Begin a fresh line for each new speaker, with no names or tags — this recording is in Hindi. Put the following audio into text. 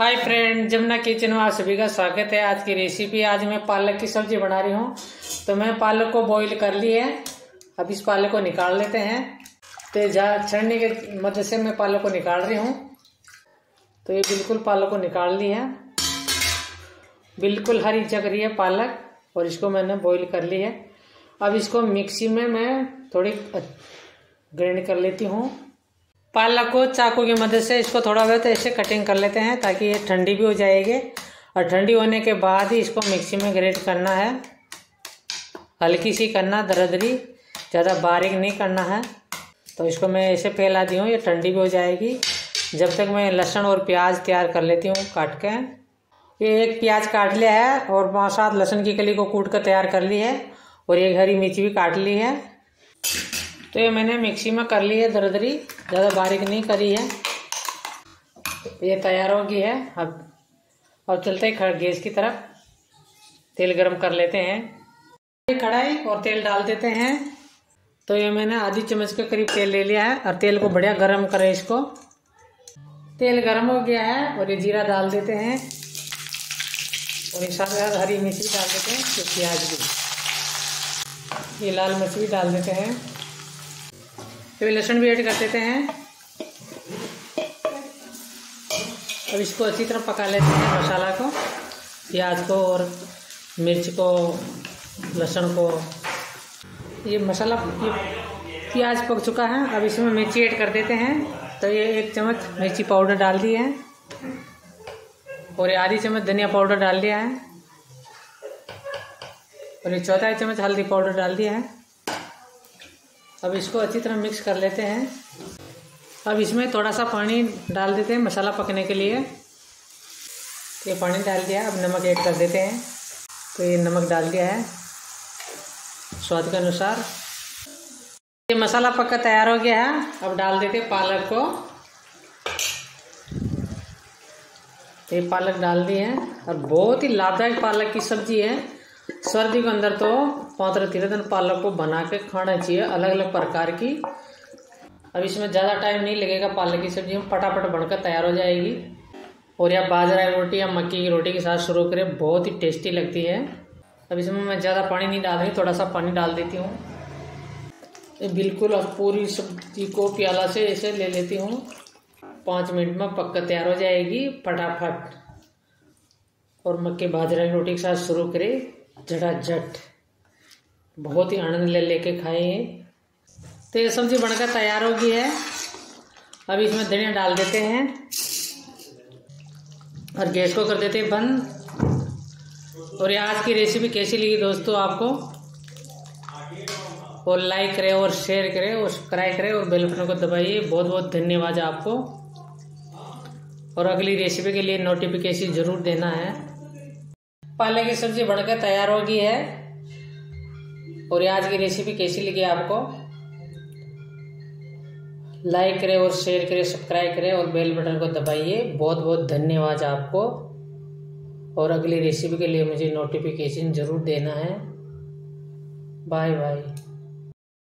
हाय फ्रेंड जमुना किचन में आप सभी का स्वागत है आज की रेसिपी आज मैं पालक की सब्जी बना रही हूँ तो मैं पालक को बॉईल कर ली है अब इस पालक को निकाल लेते हैं तो छड़ने के मदद से मैं पालक को निकाल रही हूँ तो ये बिल्कुल पालक को निकाल ली है बिल्कुल हरी चक रही है पालक और इसको मैंने बॉयल कर ली है अब इसको मिक्सी में मैं थोड़ी ग्राइंड कर लेती हूँ पालक को चाकू की मदद से इसको थोड़ा बहुत ऐसे कटिंग कर लेते हैं ताकि ये ठंडी भी हो जाएगी और ठंडी होने के बाद ही इसको मिक्सी में ग्रेट करना है हल्की सी करना दरदरी ज़्यादा बारीक नहीं करना है तो इसको मैं ऐसे फैला दी हूँ ये ठंडी भी हो जाएगी जब तक मैं लहसुन और प्याज तैयार कर लेती हूँ काट के ये एक प्याज काट लिया है और पाँच सात लहसुन की कली को कूट कर तैयार कर ली है और एक हरी मिर्च भी काट ली है तो ये मैंने मिक्सी में कर ली है दरदरी ज़्यादा बारीक नहीं करी है ये तैयार हो गई है अब अब चलते हैं गैस की तरफ तेल गरम कर लेते हैं कढ़ाई और तेल डाल देते हैं तो ये मैंने आधी चम्मच के करीब तेल ले लिया है और तेल को बढ़िया गरम करें इसको तेल गरम हो गया है और ये जीरा डाल देते हैं और इस साथ हरी मिर्ची डाल देते हैं तो प्याज भी ये लाल मिर्च भी डाल देते हैं अभी लहसुन भी ऐड कर देते हैं अब इसको अच्छी तरह पका लेते हैं मसाला को प्याज को और मिर्च को लहसुन को ये मसाला ये प्याज पक चुका है अब इसमें मिर्ची ऐड कर देते हैं तो ये एक चम्मच मिर्ची पाउडर डाल दिए हैं और ये आधी चम्मच धनिया पाउडर डाल दिया है और ये चौथा चम्मच हल्दी पाउडर डाल दिया है अब इसको अच्छी तरह मिक्स कर लेते हैं अब इसमें थोड़ा सा पानी डाल देते हैं मसाला पकने के लिए तो ये पानी डाल दिया अब नमक ऐड कर देते हैं तो ये नमक डाल दिया है स्वाद के अनुसार ये मसाला पक्का तैयार हो गया है अब डाल देते पालक को तो ये पालक डाल दी है और बहुत ही लाभदायक पालक की सब्जी है सर्दी के अंदर तो पौत्र दिन पालक को बना के खाना चाहिए अलग अलग प्रकार की अब इसमें ज़्यादा टाइम नहीं लगेगा पालक की सब्जी फटाफट बनकर तैयार हो जाएगी और या बाजरा की रोटी या मक्की की रोटी के साथ शुरू करें बहुत ही टेस्टी लगती है अब इसमें मैं ज़्यादा पानी नहीं डाल रही थोड़ा सा पानी डाल देती हूँ बिल्कुल अब पूरी सब्जी को प्याला से ऐसे ले लेती हूँ पाँच मिनट में पक्का तैयार हो जाएगी फटाफट और मक्के बाजरा की रोटी के साथ शुरू करें जटाजट बहुत ही आनंद ले लेके खाए तो ये सब्जी बनकर तैयार हो गई है अब इसमें धनिया डाल देते हैं और गैस को कर देते हैं बंद और ये आज की रेसिपी कैसी लगी दोस्तों आपको और लाइक करें और शेयर करें और सब्सक्राइब करें और बेल बटन को दबाइए बहुत बहुत धन्यवाद आपको और अगली रेसिपी के लिए नोटिफिकेशन ज़रूर देना है पालक की सब्जी बनकर तैयार हो गई है और आज की रेसिपी कैसी लगी आपको लाइक करें और शेयर करें सब्सक्राइब करें और बेल बटन को दबाइए बहुत बहुत धन्यवाद आपको और अगली रेसिपी के लिए मुझे नोटिफिकेशन ज़रूर देना है बाय बाय